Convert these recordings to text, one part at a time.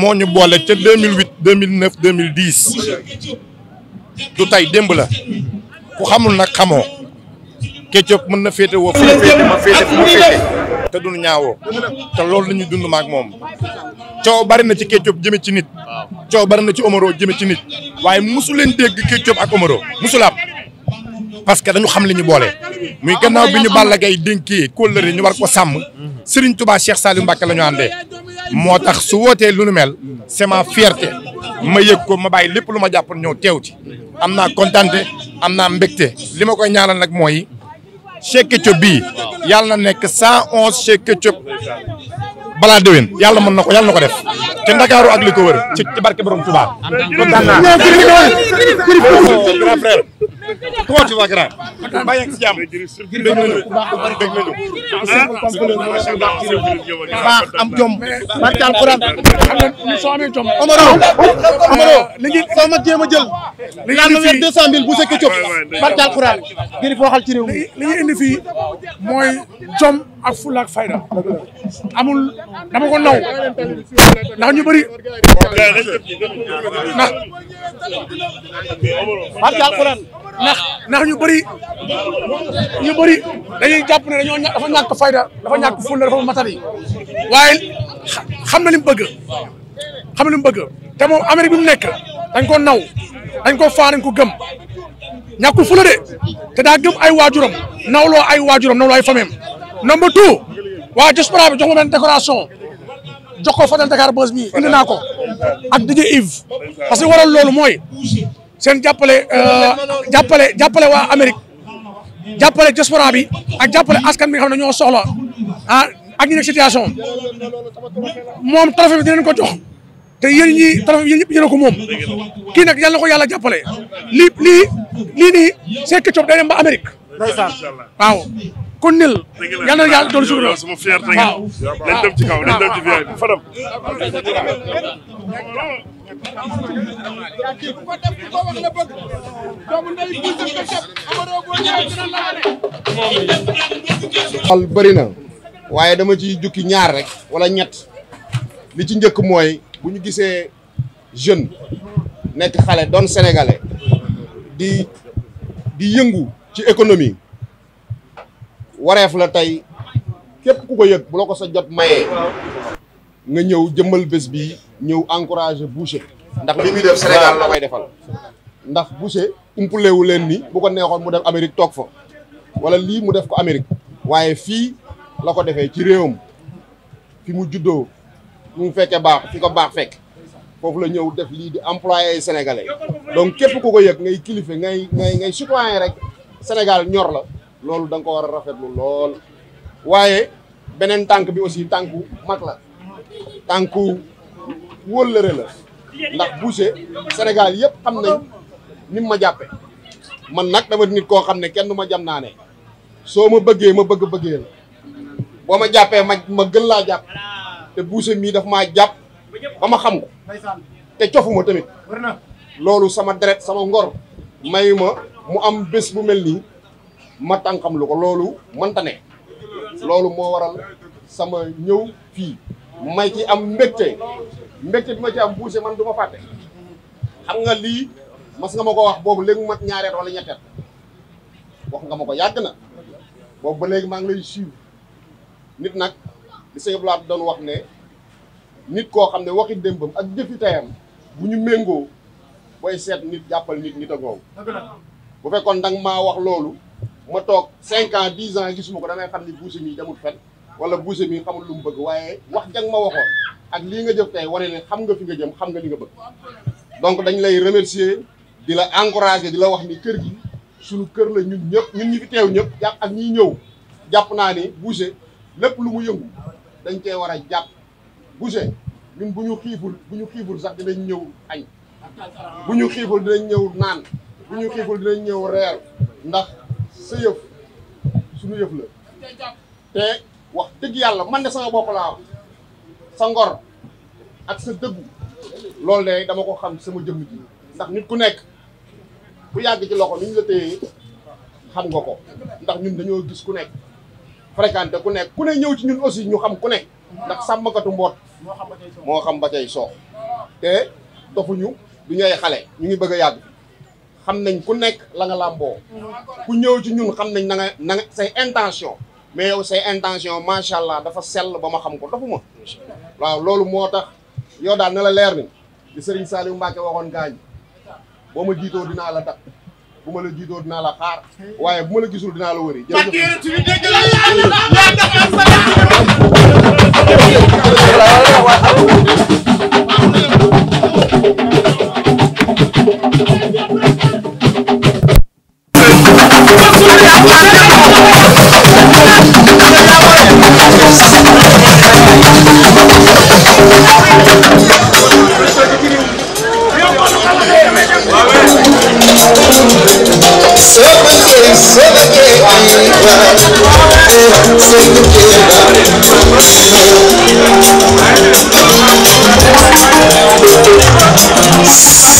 moo ñu boole ca 2008 2009 2010 du tey démb la ku xamul nag xamoo Ketchup mën na féete woo fu féete ma féete fu ma féete te duñu ñaawo te loolu la ñuy dund maak moom coow bari na ci Ketchup jëme ci nit coow bari na ci Omaro jëme ci nit waaye mosu leen dégg Ketchup ak Omaro mosulaam parce que dañu xam li ñu boole muy gannaaw bi ñu Balla Gaye dénkee kóllëre ñu war ko sàmm Serigne Touba Cheikh Saliou Mbacké la ñu àndee moo tax su wootee lu nu mel c'est ma fierté ma yëg ko ma bàyyi lépp lu ma jàppoon ñëw teew ci am naa kontante am naa mbégte li ma koy ñaanal nag mooy Cheikh Ketchup bii na nekk cent onze Cheikh Ketchup balaa déwén yàlla mën na ko yàlla na ko def te Ndakaaru ak li ko wër ci barke borom Tuubaa comment tu vas grand. maa ngi si jàmm. dégg nañu baax am jom. barke alquran. xam nga ni soo amee jom. Omaro Omaro li ngi soo ma a jël. li ngi indi fii deux bu sekkee cop. barke alquran. ngir fooxal ci réew mi. li ñu indi fii mooy jom ak fulla ak fayda. amul dama ko naw. ndax ñu bëri. ndax barke alquran. ndax ndax ñu bëri ñu bëri dañuy jàpp ne dañoo dafa ñàkk fayda dafa ñàkk fulla dafa matari waaye xam na li mu bëgg xam na li mu bëgg te moom Amérique bi mu nekk dañ ko naw dañ ko faa ko gëm ñàkkul fulla de te daa gëm ay waajuram nawloo ay waajuram nawloo ay fameem number two waa diaspora bi jox ma benn décoration jox ko Fadel Dakar Buzz mi indi naa ko ak DJ Yves parce que waral loolu mooy seen jàppale euh, jàppale jàppale waa Amérique jàppale diaspora bi ak jàppale askan bi nga xam ne ñoo soxla ah, ak ñu nekk situation moom trophée bi dinañ ko jox te yéen ñi trophée bi yéen ñëpp ko moom kii nag yàlla na ko yàlla jàppale lii lii lii nii c'est Ketchup day dem ba Amérique waaw kon nil yal na yàlla doon suñu sama fierté waaw kaw nañ yaa kii na waaye dama ci jukki ñaar rek wala ñett li ci njëkk mooy bu ñu gisee jeune nekk xale doon sénégalais di di yëngu ci économie wareef la tey képp ku ko yëg bu la ko sa jot mayee nga ñëw jëmmal bés bi ñëw encouragé Boucher. ndax li muy def Sénégal la koy defal. ndax Boucher umpulewu leen nii bu ko neexoon mu dem Amérique toog fa wala lii mu def ko Amérique waaye fii la ko defee ci réewam fi mu juddoo mu fekkee baax fi ko baax fekk foofu la ñëw def lii di employé ay donc képp ku ko yëg ngay kilifa ngay ngay ngay citoyen rek Sénégal ñor la loolu danga ko war a rafetlu lool waaye beneen tànk bi aussi tànku mag la. tànku wóllëre la ndax buuse senegal yépp xam na ni ma jàppe man nag dama nit koo xam ne kenn ma jam naa ne soo ma bëggee ma bëgg bëggee la boo ma jàppee ma ma gën laa jàpp te buuse mii daf maa jàpp ba ma xam ko te cofuma tamit loolu sama deret sama ngor mayu mu am bés bu mel nii ma tànkam lu ko loolu mënta ne loolu moo waral sama ñëw fii may ci am mbégte mbégte bi ma ci am buuse man du ma fàtte xam nga lii mas nga ma ko wax boobu léegi mu mat ñaareet wala ñetteet wax nga ma ko yàgg na boobu ba léegi maa ngi lay suivre nit nag li sëñ doon wax ne nit koo xam ne waxi démbam ak jëfi tayam bu ñu méngoo booy seet nit jàppal nit nit a ngoow bu fekkoon danga maa wax loolu ma toog cinq ans dix ans gisuma ko damay xam ni buuse mii demul fen wala bouse mi xamul lu mu bëgg waaye wax jang ma waxoon ak lii nga jëf tey wane ne xam nga fi nga jëm xam nga li nga bëgg donc dañ lay remercier di la encourager di la wax ni kër gi suñu kër la ñun ñëpp ñun ñi fi teew ñëpp jàpp ak ñiy ñëw jàpp naa ni bouse lépp lu mu yëngu dañ cee war a jàpp bouse ñun bu ñu xiiful bu ñu xiiful sax dinañ ñëw añ bu ñu xiiful dinañ ñëw naan bu ñu xiiful dinañ ñëw reer ndax sa yëf suñu yëf la te wax dëgg yàlla man de sama bopp sa ngor ak sa dëggu loolu de dama ko xam sama jëmm ji ndax nit ku nekk bu yàgg ci loxo ni ñu la téye xam nga ko ndax ñun dañoo gis ku nekk fréquenté ku nekk ku ne ñëw ci ñun aussi ñu xam ku nekk ndax sàmmkatu mboot moo xam ba tey soox te dofuñu du ñuy xale ñu ngi bëgg a yàgg xam nañ ku nekk la nga làmboo ku ñëw ci ñun xam nañ na nga na say intention mais yow say intention macha allah dafa sell ba ma xam ko doxuma waaw loolu moo tax yow daal na la leer ni di sëriñ Saliou Mbacke waxoon gaañ boo ma jiitoo dinaa la takk bu ma la jiitoo dinaa la xaar waaye bu ma la gisul dinaa la wëri jërëjëf Thank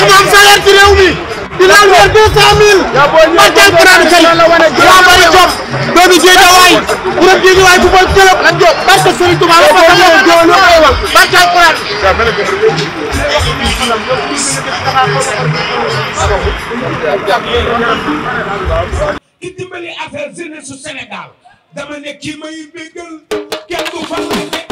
ñoom ñoom salaire ci réew mi di laal weer deux cent mille man tànk naa ne tey yaa bari jom doomi Géejawaay borom bu bon club parce que Serigne Touba la fa la doon ba tànk naa ki dimbali affaire jeunesse su